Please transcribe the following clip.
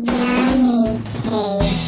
Yummy taste.